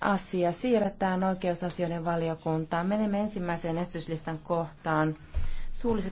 asia siirretään oikeusasioiden valiokuntaan. Menemme ensimmäiseen estyslistan kohtaan. Suulliset